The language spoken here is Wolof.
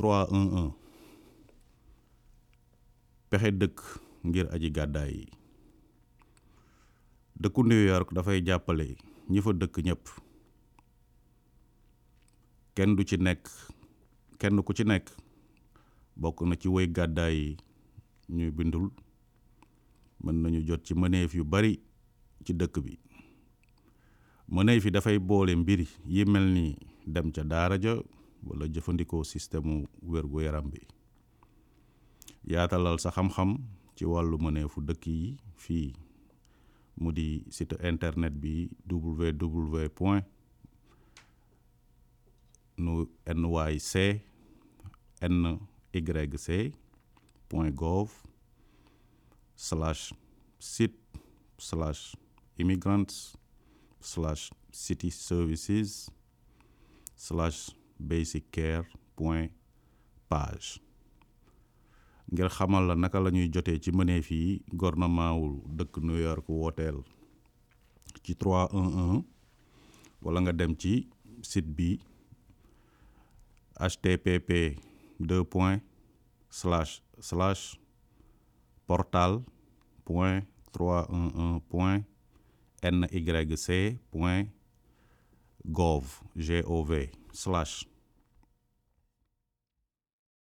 trois un un pexe dëkk ngir aji gàddaay yi dëkku New York dafay jàppale ñi fa dëkk ñëpp kenn du ci nekk kenn ku ci nekk bokk na ci woy gàddaay yi ñuy bindul mën nañu jot ci mëneef yu bari ci dëkk bi mëneef yi dafay boole mbir yi mel ni dem ca daara ja wala jëfandikoo système wérgu yaram bi yaatalal sa xam-xam ci wàllu mëneefu dëkk yi fii mu di site internet bi www point nu nyc nyc point gov slash site slash immigrants slash city services slash basiccare point page ngir xamal la naka la ñuy jotee ci mëneef yi gouvernement wul dëkk New York wooteel ci 311 wala nga dem ci site bi http deux point slash slash portal point 311 point nyc point gov gov slash